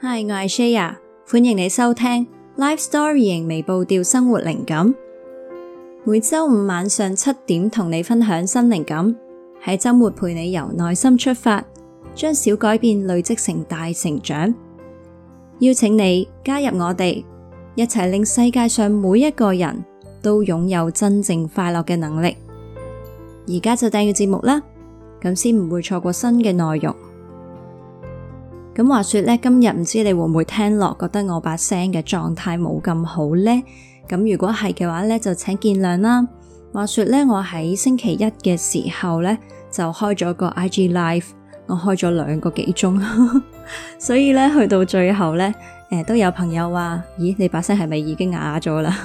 Hi，I'm Shaya，歡迎你收聽 Life Storying 微步調生活靈感，每周五晚上七點同你分享新靈感，喺周末陪你由內心出發，將小改變累積成大成長。邀請你加入我哋，一齊令世界上每一個人都擁有真正快樂嘅能力。而家就訂閱節目啦，咁先唔會錯過新嘅內容。咁話說咧，今日唔知你會唔會聽落，覺得我把聲嘅狀態冇咁好呢？咁如果係嘅話咧，就請見諒啦。話說咧，我喺星期一嘅時候咧，就開咗個 IG Live，我開咗兩個幾鐘， 所以咧去到最後咧，誒、呃、都有朋友話：咦，你把聲係咪已經啞咗啦？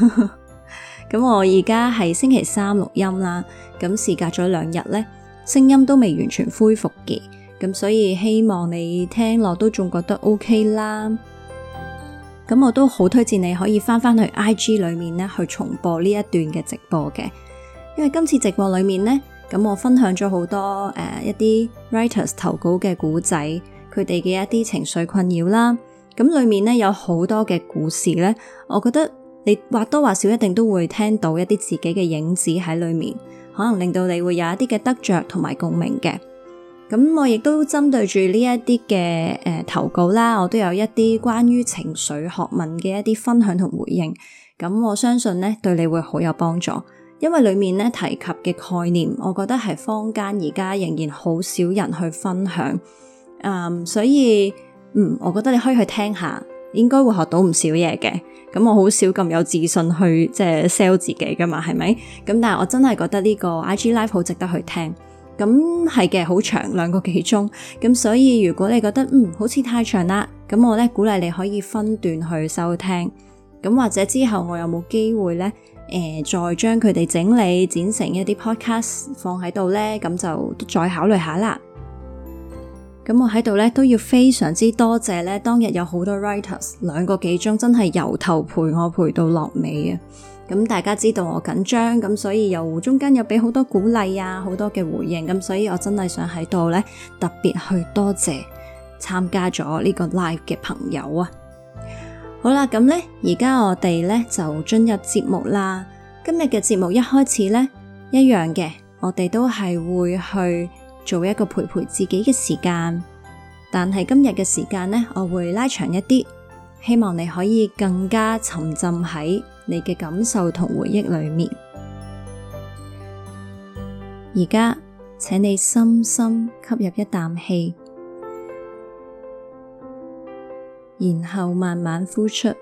咁 我而家係星期三錄音啦，咁事隔咗兩日咧，聲音都未完全恢復嘅。咁所以希望你聽落都仲覺得 OK 啦，咁我都好推薦你可以返返去 IG 裏面咧去重播呢一段嘅直播嘅，因為今次直播裏面咧，咁我分享咗好多誒、呃、一啲 writers 投稿嘅故仔，佢哋嘅一啲情緒困擾啦，咁裏面咧有好多嘅故事咧，我覺得你或多或少一定都會聽到一啲自己嘅影子喺裏面，可能令到你會有一啲嘅得着同埋共鳴嘅。咁我亦都針對住呢一啲嘅誒投稿啦，我都有一啲關於情緒學問嘅一啲分享同回應。咁我相信咧，對你會好有幫助，因為裏面咧提及嘅概念，我覺得係坊間而家仍然好少人去分享。嗯，所以嗯，我覺得你可以去聽下，應該會學到唔少嘢嘅。咁我好少咁有自信去即係 sell 自己㗎嘛，係咪？咁但係我真係覺得呢個 IG Live 好值得去聽。咁係嘅，好長，兩個幾鐘，咁所以如果你覺得嗯好似太長啦，咁我咧鼓勵你可以分段去收聽，咁或者之後我有冇機會咧，誒再將佢哋整理剪成一啲 podcast 放喺度咧，咁就再考慮下啦。咁我喺度咧都要非常之多謝咧，當日有好多 writers，兩個幾鐘真係由頭陪我陪到落尾嘅。咁大家知道我緊張，咁所以又中間又俾好多鼓勵啊，好多嘅回應，咁所以我真係想喺度呢特別去多謝參加咗呢個 Live 嘅朋友啊！好啦，咁呢而家我哋呢就進入節目啦。今日嘅節目一開始呢一樣嘅，我哋都係會去做一個陪陪自己嘅時間，但係今日嘅時間呢，我會拉長一啲，希望你可以更加沉浸喺。你嘅感受同回憶裏面，而家請你深深吸入一啖氣，然後慢慢呼出。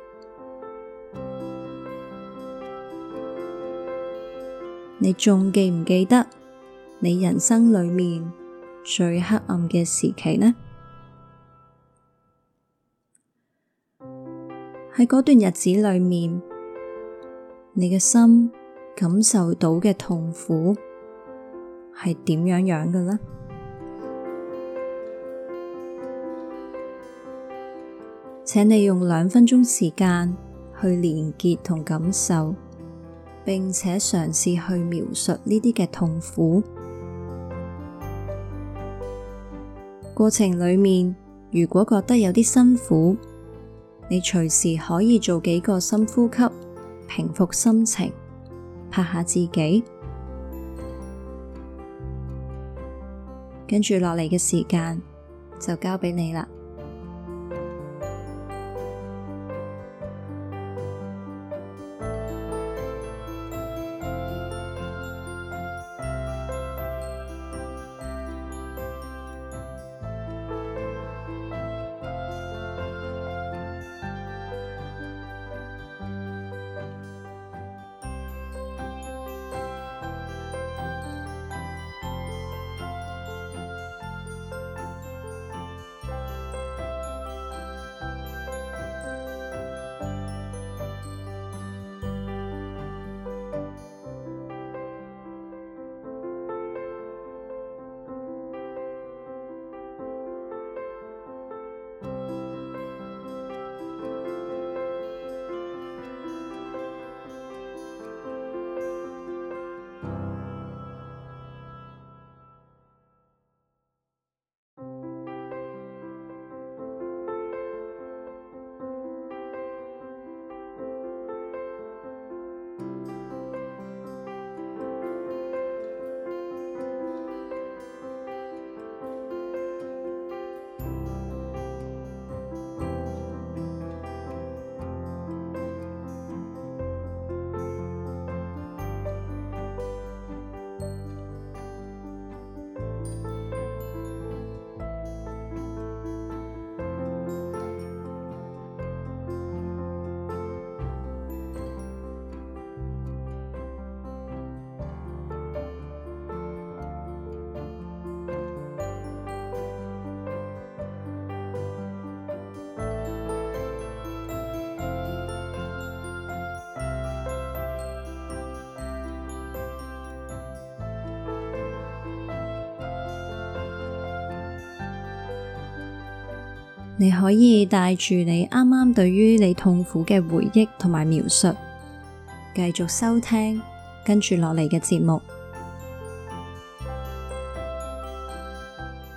你仲記唔記得你人生裏面最黑暗嘅時期呢？喺嗰段日子裏面。你嘅心感受到嘅痛苦係點樣樣嘅呢？請你用兩分鐘時間去連結同感受，並且嘗試去描述呢啲嘅痛苦。過程裏面，如果覺得有啲辛苦，你隨時可以做幾個深呼吸。平復心情，拍下自己，跟住落嚟嘅時間就交畀你啦。你可以帶住你啱啱對於你痛苦嘅回憶同埋描述，繼續收聽跟住落嚟嘅節目。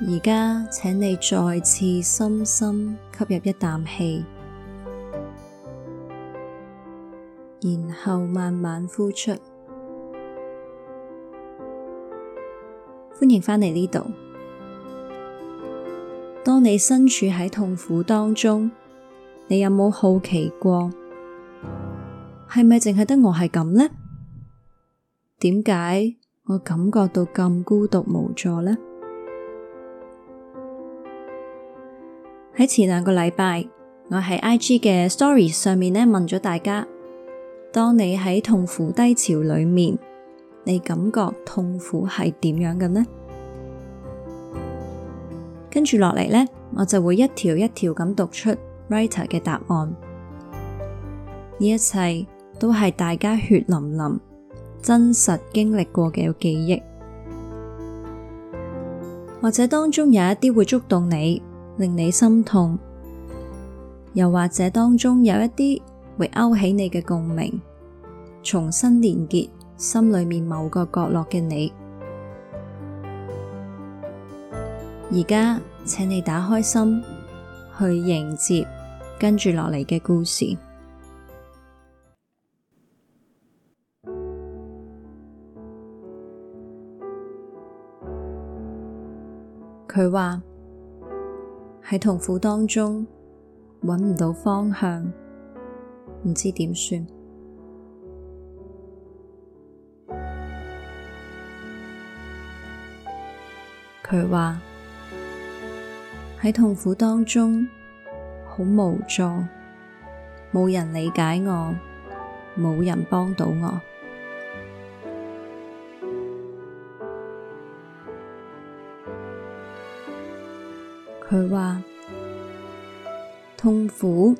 而家請你再次深深吸入一啖氣，然後慢慢呼出。歡迎返嚟呢度。當你身處喺痛苦當中，你有冇好奇過，係咪淨係得我係咁呢？點解我感覺到咁孤獨無助呢？喺前兩個禮拜，我喺 IG 嘅 story 上面呢問咗大家：「當你喺痛苦低潮裏面，你感覺痛苦係點樣嘅呢？」跟住落嚟呢，我就會一條一條咁讀出 writer 嘅答案。呢一切都係大家血淋淋、真實經歷過嘅記憶，或者當中有一啲會觸動你，令你心痛；又或者當中有一啲會勾起你嘅共鳴，重新連結心裏面某個角落嘅你。而家，請你打開心去迎接跟住落嚟嘅故事。佢話喺痛苦當中揾唔到方向，唔知點算。佢話： 喺痛苦當中，好無助，冇人理解我，冇人幫到我。佢話痛苦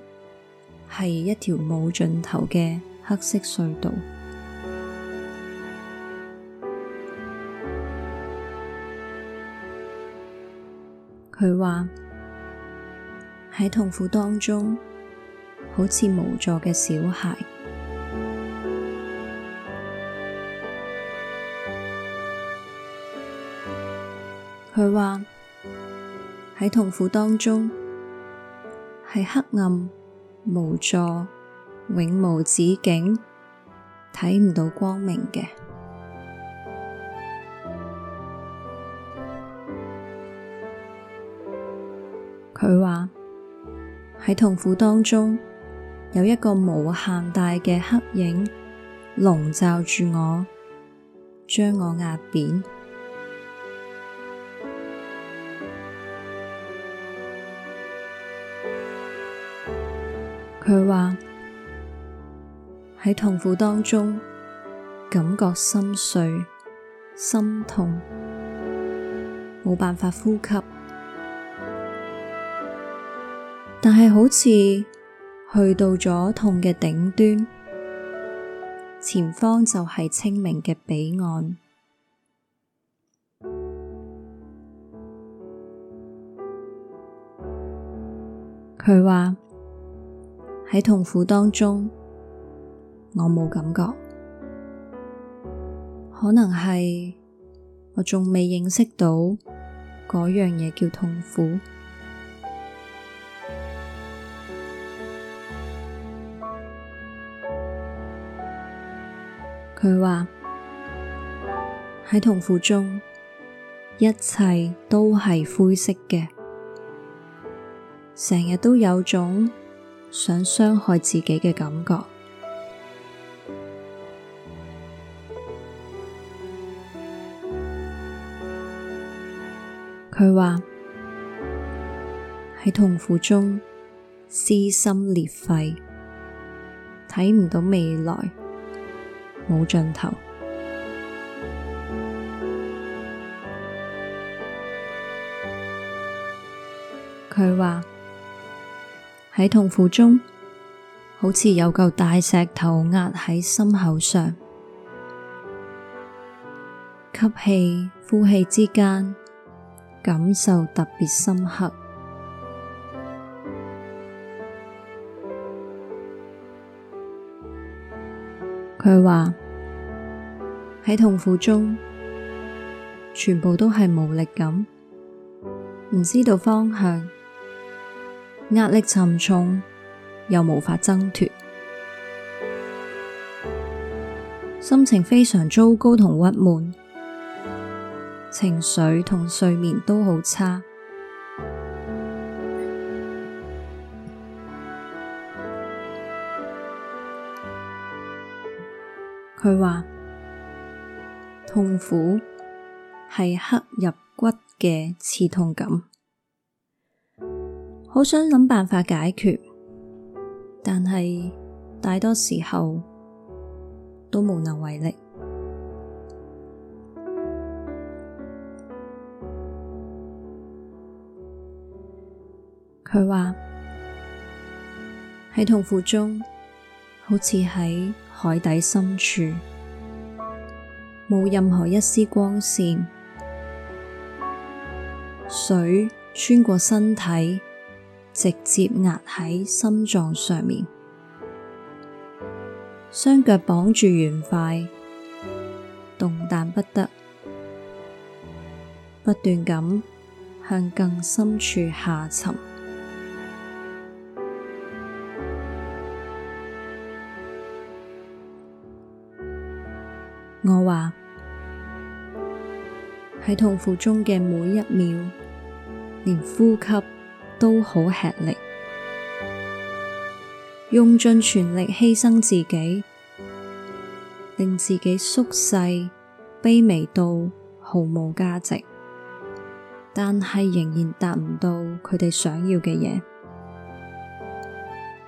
係一條冇盡頭嘅黑色隧道。佢話。喺痛苦當中，好似無助嘅小孩。佢話喺痛苦當中係黑暗、無助、永無止境、睇唔到光明嘅。佢話。喺痛苦當中，有一個無限大嘅黑影籠罩住我，將我壓扁。佢話：「喺痛苦當中，感覺心碎、心痛，冇辦法呼吸。」但係好似去到咗痛嘅頂端，前方就係清明嘅彼岸。佢話喺痛苦當中，我冇感覺，可能係我仲未認識到嗰樣嘢叫痛苦。佢話喺痛苦中，一切都係灰色嘅，成日都有種想傷害自己嘅感覺。佢話喺痛苦中，撕心裂肺，睇唔到未來。冇盡頭。佢話喺痛苦中，好似有嚿大石頭壓喺心口上，吸氣呼氣之間，感受特別深刻。佢話喺痛苦中，全部都係無力感，唔知道方向，壓力沉重又無法掙脫，心情非常糟糕同鬱悶，情緒同睡眠都好差。佢話痛苦係刻入骨嘅刺痛感，好想諗辦法解決，但係大多時候都無能為力。佢話喺痛苦中。好似喺海底深處，冇任何一絲光線。水穿過身體，直接壓喺心臟上面。雙腳綁住鉛塊，動彈不得，不斷咁向更深處下沉。我話喺痛苦中嘅每一秒，連呼吸都好吃力，用盡全力犧牲自己，令自己縮細、卑微到毫無價值，但係仍然達唔到佢哋想要嘅嘢，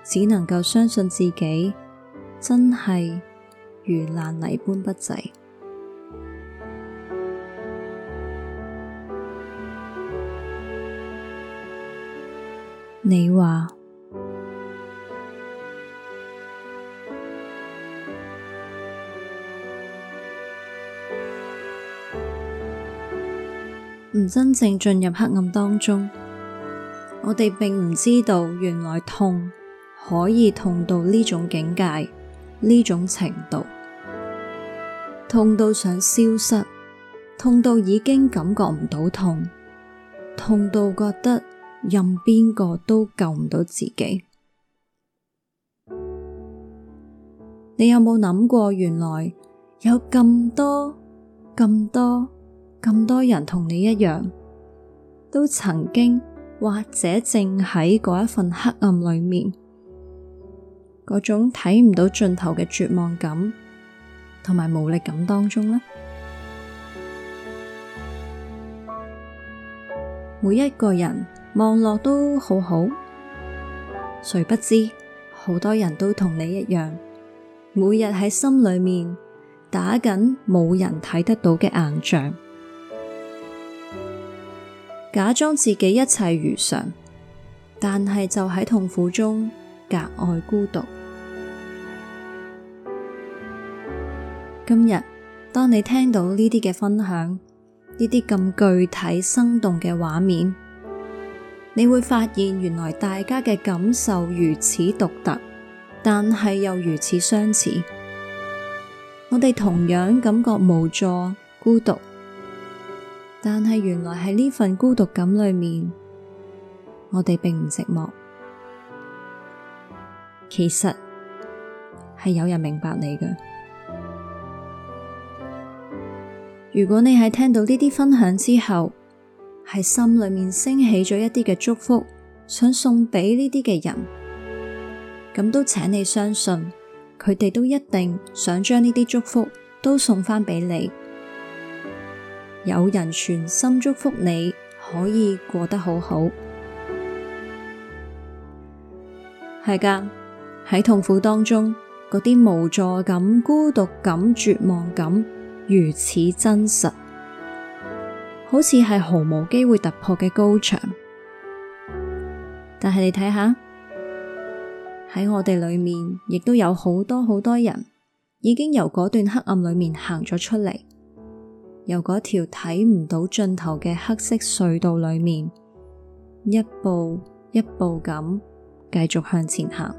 只能夠相信自己真係。如爛泥般不濟。你話唔 真正進入黑暗當中，我哋並唔知道，原來痛可以痛到呢種境界，呢種程度。痛到想消失，痛到已經感覺唔到痛，痛到覺得任邊個都救唔到自己。你有冇諗過，原來有咁多、咁多、咁多人同你一樣，都曾經或者正喺嗰一份黑暗裏面，嗰種睇唔到盡頭嘅絕望感，同埋無力感當中呢，每一個人望落都好好，誰不知好多人都同你一樣，每日喺心裏面打緊冇人睇得到嘅硬仗，假裝自己一切如常，但係就喺痛苦中格外孤獨。今日當你聽到呢啲嘅分享，呢啲咁具體生動嘅畫面，你會發現原來大家嘅感受如此獨特，但係又如此相似。我哋同樣感覺無助、孤獨，但係原來喺呢份孤獨感裏面，我哋並唔寂寞。其實係有人明白你嘅。如果你喺聽到呢啲分享之後，喺心裏面升起咗一啲嘅祝福，想送俾呢啲嘅人，咁都請你相信，佢哋都一定想將呢啲祝福都送翻俾你。有人全心祝福你，可以過得好好。係㗎，喺痛苦當中，嗰啲無助感、孤獨感、絕望感，如此真實，好似係毫無機會突破嘅高牆。但係你睇下，喺我哋裏面，亦都有好多好多人，已經由嗰段黑暗裏面行咗出嚟，由嗰條睇唔到盡頭嘅黑色隧道裏面，一步一步咁繼續向前行。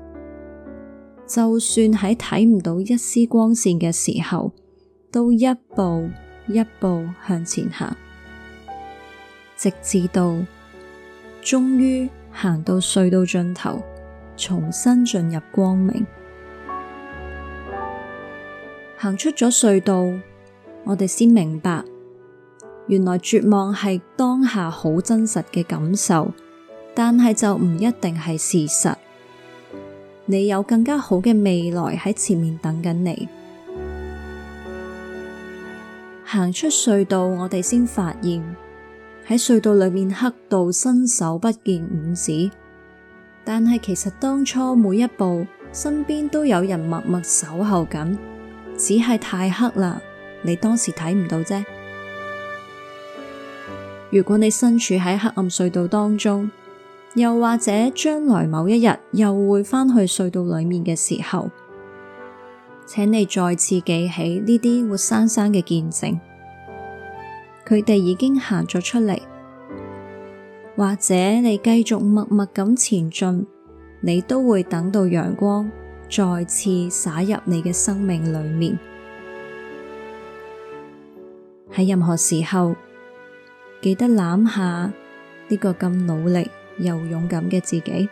就算喺睇唔到一絲光線嘅時候。都一步一步向前行，直至到終於行到隧道盡頭，重新進入光明。行出咗隧道，我哋先明白，原來絕望係當下好真實嘅感受，但係就唔一定係事實。你有更加好嘅未來喺前面等緊你。行出隧道，我哋先發現喺隧道裏面黑到伸手不見五指。但係其實當初每一步，身邊都有人默默守候緊，只係太黑啦，你當時睇唔到啫。如果你身處喺黑暗隧道當中，又或者將來某一日又會返去隧道裏面嘅時候，請你再次記起呢啲活生生嘅見證。佢哋已經行咗出嚟，或者你繼續默默咁前進，你都會等到陽光再次灑入你嘅生命裏面。喺任何時候，記得攬下呢個咁努力又勇敢嘅自己。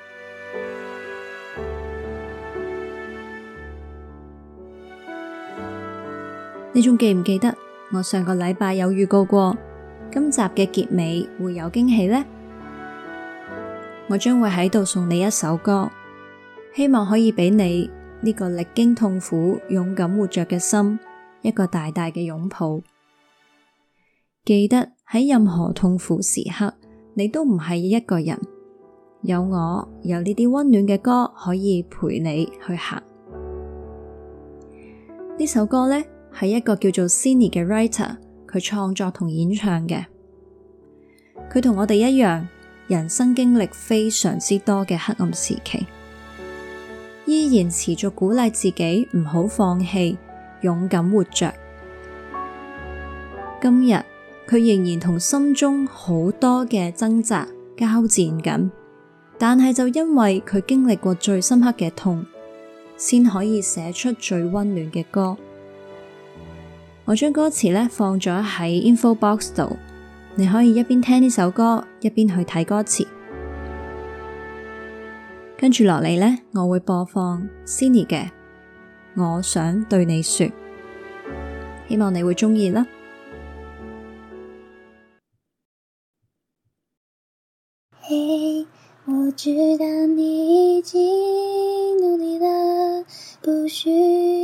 你仲記唔記得？我上個禮拜有預告過，今集嘅結尾會有驚喜呢。我將會喺度送你一首歌，希望可以俾你呢個歷經痛苦、勇敢活着嘅心一個大大嘅擁抱。記得喺任何痛苦時刻，你都唔係一個人，有我，有呢啲溫暖嘅歌可以陪你去行。呢首歌呢。係一個叫做 Sinny 嘅 writer，佢創作同演唱嘅。佢同我哋一樣，人生經歷非常之多嘅黑暗時期，依然持續鼓勵自己唔好放棄，勇敢活着。今日佢仍然同心中好多嘅掙扎交戰緊，但係就因為佢經歷過最深刻嘅痛，先可以寫出最溫暖嘅歌。我將歌詞呢放咗喺 info box 度，你可以一邊聽呢首歌，一邊去睇歌詞。跟住落嚟呢，我會播放 Sinny 嘅《我想對你說》，希望你會中意啦。嘿，hey，我知道你已經努力了，不需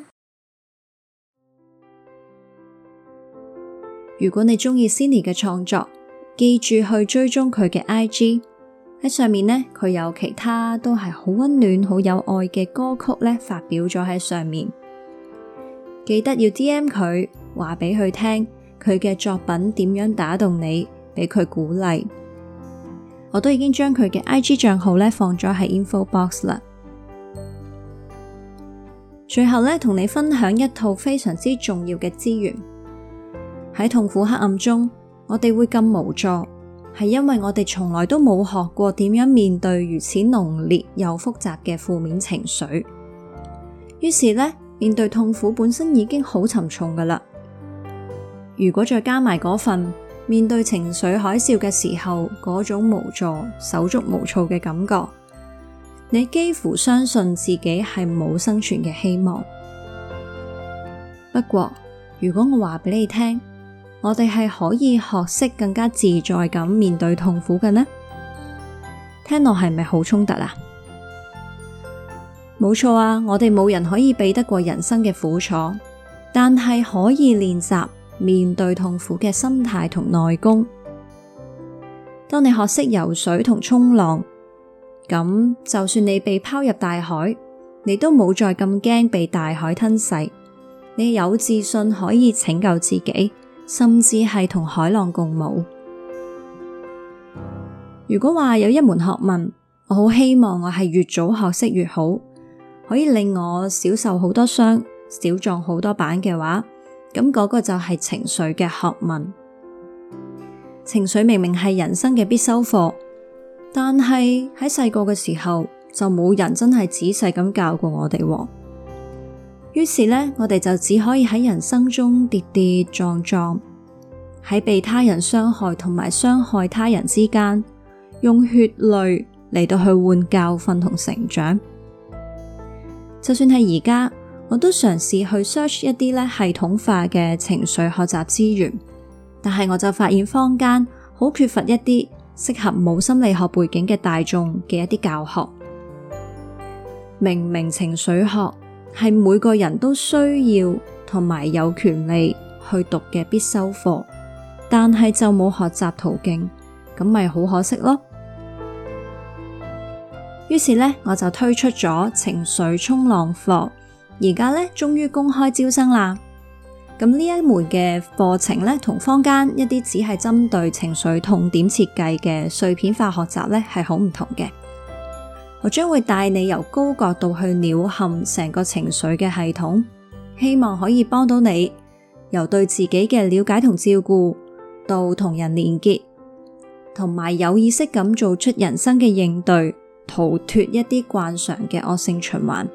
如果你中意 Sinny 嘅創作，記住去追蹤佢嘅 IG 喺上面呢，佢有其他都係好溫暖、好有愛嘅歌曲咧，發表咗喺上面。記得要 DM 佢，話俾佢聽佢嘅作品點樣打動你，俾佢鼓勵。我都已經將佢嘅 IG 賬號咧放咗喺 info box 啦。最後咧，同你分享一套非常之重要嘅資源。喺痛苦黑暗中，我哋會咁無助，係因為我哋從來都冇學過點樣面對如此濃烈又複雜嘅負面情緒。於是呢，面對痛苦本身已經好沉重㗎喇。如果再加埋嗰份面對情緒海嘯嘅時候嗰種無助、手足無措嘅感覺，你幾乎相信自己係冇生存嘅希望。不過，如果我話俾你聽。我哋係可以學識更加自在咁面對痛苦嘅呢？聽落係咪好衝突啊？冇錯啊，我哋冇人可以避得過人生嘅苦楚，但係可以練習面對痛苦嘅心態同內功。當你學識游水同衝浪，咁就算你被拋入大海，你都冇再咁驚被大海吞噬，你有自信可以拯救自己。甚至係同海浪共舞。如果話有一門學問，我好希望我係越早學識越好，可以令我少受好多傷，少撞好多板嘅話，咁嗰個就係情緒嘅學問。情緒明明係人生嘅必修課，但係喺細個嘅時候就冇人真係仔細咁教過我哋。於是呢，我哋就只可以喺人生中跌跌撞撞，喺被他人傷害同埋傷害他人之間，用血淚嚟到去換教訓同成長。就算係而家，我都嘗試去 search 一啲呢系統化嘅情緒學習資源，但係我就發現坊間好缺乏一啲適合冇心理學背景嘅大眾嘅一啲教學，明明情緒學。係每個人都需要同埋有權利去讀嘅必修課，但係就冇學習途徑，咁咪好可惜咯。於是呢，我就推出咗情緒衝浪課，而家呢終於公開招生啦。咁呢一門嘅課程呢，同坊間一啲只係針對情緒痛點設計嘅碎片化學習呢，係好唔同嘅。我將會帶你由高角度去鳥瞰成個情緒嘅系統，希望可以幫到你，由對自己嘅了解同照顧到同人連結，同埋有意識咁做出人生嘅應對，逃脫一啲慣常嘅惡性循環，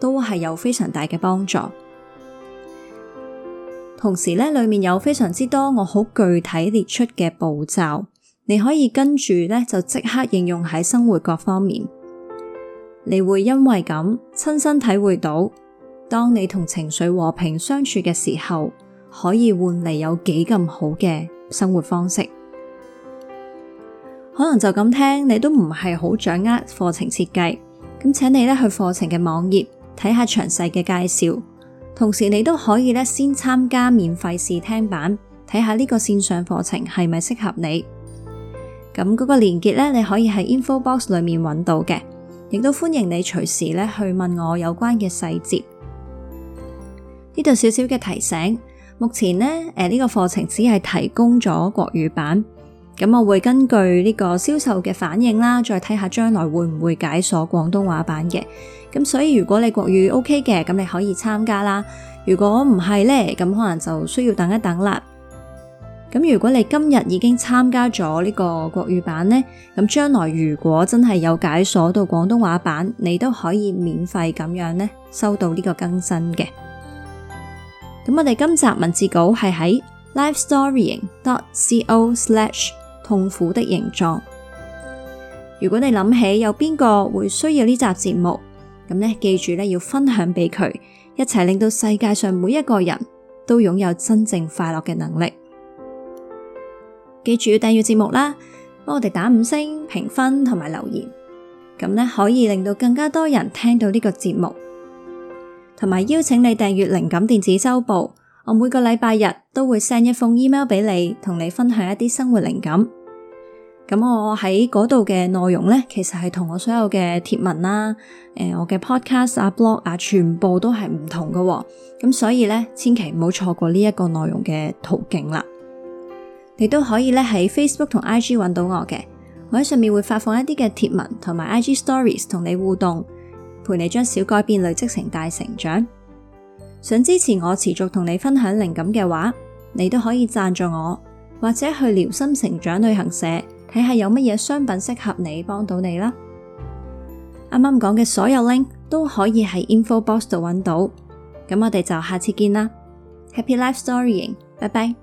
都係有非常大嘅幫助。同時咧，裏面有非常之多我好具體列出嘅步驟，你可以跟住咧就即刻應用喺生活各方面。你會因為咁親身體會到，當你同情緒和平相處嘅時候，可以換嚟有幾咁好嘅生活方式。可能就咁聽，你都唔係好掌握課程設計，咁請你咧去課程嘅網頁睇下詳細嘅介紹，同時你都可以咧先參加免費試聽版，睇下呢個線上課程係咪適合你。咁嗰個鏈接咧，你可以喺 info box 裏面搵到嘅。亦都歡迎你隨時咧去問我有關嘅細節。呢度少少嘅提醒，目前咧誒呢、呃呢個課程只係提供咗國語版，咁我會根據呢個銷售嘅反應啦，再睇下將來會唔會解鎖廣東話版嘅。咁所以如果你國語 OK 嘅，咁你可以參加啦。如果唔係咧，咁可能就需要等一等啦。咁如果你今日已經參加咗呢個國語版呢，咁將來如果真係有解鎖到廣東話版，你都可以免費咁樣呢收到呢個更新嘅。咁我哋今集文字稿係喺 lifestorying.co/slash 痛苦的形狀。如果你諗起有邊個會需要呢集節目，咁呢記住呢要分享俾佢，一齊令到世界上每一個人都擁有真正快樂嘅能力。記住要訂閱節目啦，幫我哋打五星評分同埋留言，咁咧可以令到更加多人聽到呢個節目，同埋邀請你訂閱靈感電子週報。我每個禮拜日都會 send 一封 email 俾你，同你分享一啲生活靈感。咁我喺嗰度嘅內容咧，其實係同我所有嘅貼文啦、啊，誒、呃，我嘅 podcast 啊、blog 啊，全部都係唔同噶、啊。咁所以咧，千祈唔好錯過呢一個內容嘅途徑啦。你都可以咧喺 Facebook 同 IG 揾到我嘅，我喺上面會發放一啲嘅貼文同埋 IG Stories 同你互動，陪你將小改變累積成大成長。想支持我持續同你分享靈感嘅話，你都可以贊助我，或者去療心成長旅行社睇下有乜嘢商品適合你，幫到你啦。啱啱講嘅所有 link 都可以喺 Info Box 度揾到，咁我哋就下次見啦。Happy Life Storying，拜拜。